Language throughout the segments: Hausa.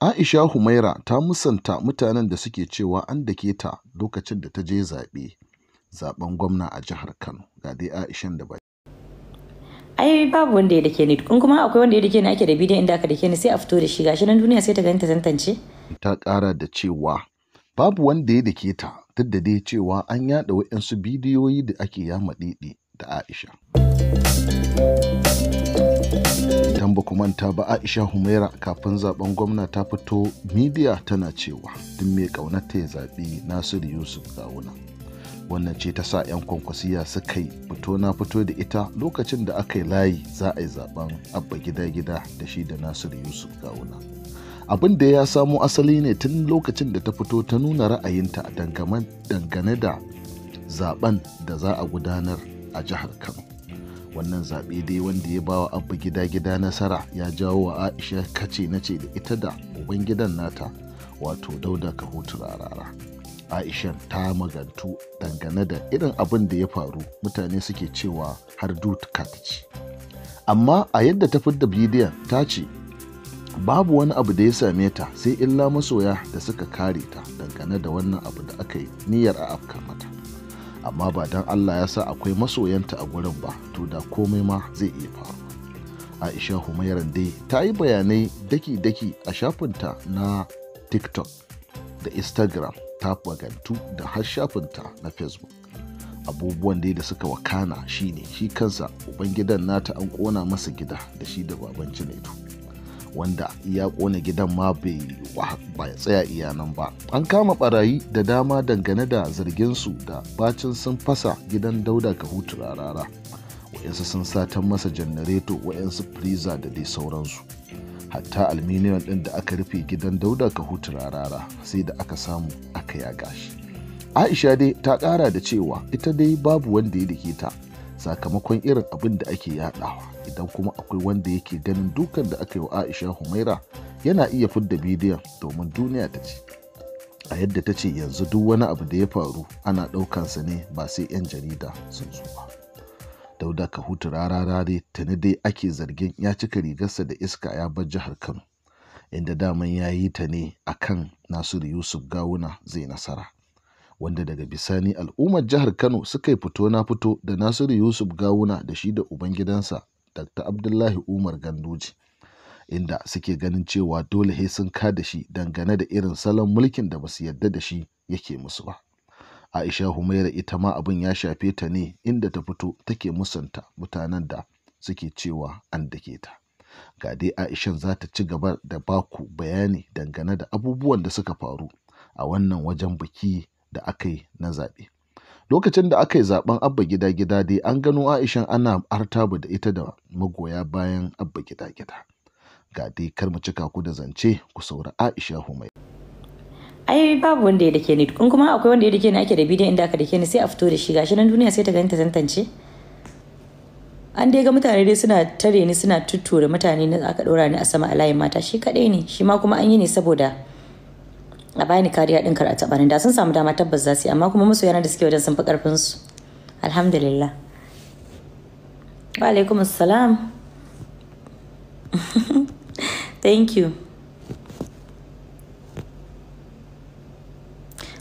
A'isha Humaira ta musanta mutanen da suke cewa an dake ta lokacin da ta je zaɓe zaɓen gwamna a jihar Kano. Ga dai Aisha da bai. Ai babu wanda ya dake ni in kuma akwai wanda ya dake ni ake da bidiyon inda aka dake ni sai a fito da shi gashi nan duniya sai ta gani ta tantance. Ta ƙara da cewa babu wanda ya dake ta duk da dai cewa an yaɗa waɗansu bidiyoyi da ake yama ɗiɗi da Aisha. Idan ba manta ba Aisha Humaira kafin zaben gwamna ta fito midiya tana cewa duk mai ƙaunarta ya zaɓi Nasiru Yusuf Gawuna. Wannan ce ta sa 'yan kwankwasiya suka yi fito na fito da ita lokacin da aka yi layi za a yi zaben abba gida-gida da shi da Nasiru Yusuf Gawuna. abin da ya samo asali ne tun lokacin da ta fito ta nuna ra'ayinta dangane da zaben da za a gudanar a jihar kano wannan zaɓe dai wanda ya bawa abu gida gida nasara ya jawo wa aisha kace na ce da ita da uban gidan nata wato dauda hutu rarara aishan ta magantu dangane da irin abin da ya faru mutane suke cewa har dutka ta amma a yadda ta fidda bidiyon ta ce babu wani abu da ya same ta sai illa masoya da suka kare ta dangane da wannan abu da aka yi niyyar a afka mata amma ba don Allah ya sa akwai masoyanta a gurin ba to da komai ma zai iya faru Aisha humairan dai ta yi bayanai daki-daki a shafinta na TikTok da Instagram ta bagantu da har shafinta na Facebook abubuwan dai da suka wakana shine shi kansa ubangidan nata an kona masa gida da shi da baban Junaidu. wanda ya kone gidan ma bai tsaya iyanan ba an kama barayi da dama dangane da zarginsu da bacin sun fasa gidan dauda kahutu rarara wa'yansu sun satan masa janareto wa'yansu freezer da dai sauransu hatta alminiyon ɗin da aka rufe gidan dauda ka hutu rarara sai da aka samu aka yaga shi aisha dai ta ƙara da cewa ita dai babu wanda ya dake ta sakamakon irin abin da ake yadawa idan kuma akwai wanda yake ganin dukan da aka yi wa aisha humaira yana iya fidda bidiyon domin duniya ta ce a yadda ta ce yanzu duk wani abu da ya faru ana ɗaukansa ne ba sai 'yan jarida sun zo ba dauda ka hutu rararare tuni dai ake zargin ya cika rigarsa da iska ya bar jihar kano inda daman ya yi ta ne a kan nasiru yusuf gawuna zai nasara wanda daga bisani al'ummar jihar Kano suka yi fito na fito da Nasiru Yusuf Gawuna da shi da ubangidansa Dr. Abdullahi Umar Ganduji. Inda suke ganin cewa dole he sun ka da shi dangane da irin salon mulkin da basu yadda da shi yake musu ba. Aisha Humaira ita ma abin ya shafe ta ne inda ta fito take musanta mutanen da suke cewa an dake ta. Ga dai Aishan za ta ci gaba da baku bayani dangane da abubuwan da suka faru a wannan wajen biki da aka yi na zaɓe. Lokacin da aka yi zaɓen Abba Gida Gida dai an gano Aishan ana artabu da ita da magoya bayan Abba Gida Gida. Ga dai kar mu cika ku da zance ku saura Aisha Humai. ai babu wanda ya dake ni in kuma akwai wanda ya dake ni ake da bidiyon inda aka dake ni sai a fito da shi gashi nan duniya sai ta gani ta tantance an dai ga mutane dai suna tare ni suna tuttura mutane na aka dora ni a sama a layin mata shi kaɗai ne shi ma kuma an yi ne saboda a bani kariya din karatu barin da sun samu dama tabbas za su yi amma kuma musu yana da suke wajen sun fi karfin su alhamdulillah wa alaikum assalam thank you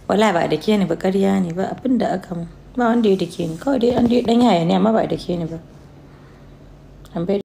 wala ba da ke ni ba karya ne ba abin da aka ba wanda ya da ke ni kawai dai an dai dan yaya ne amma ba da ke ni ba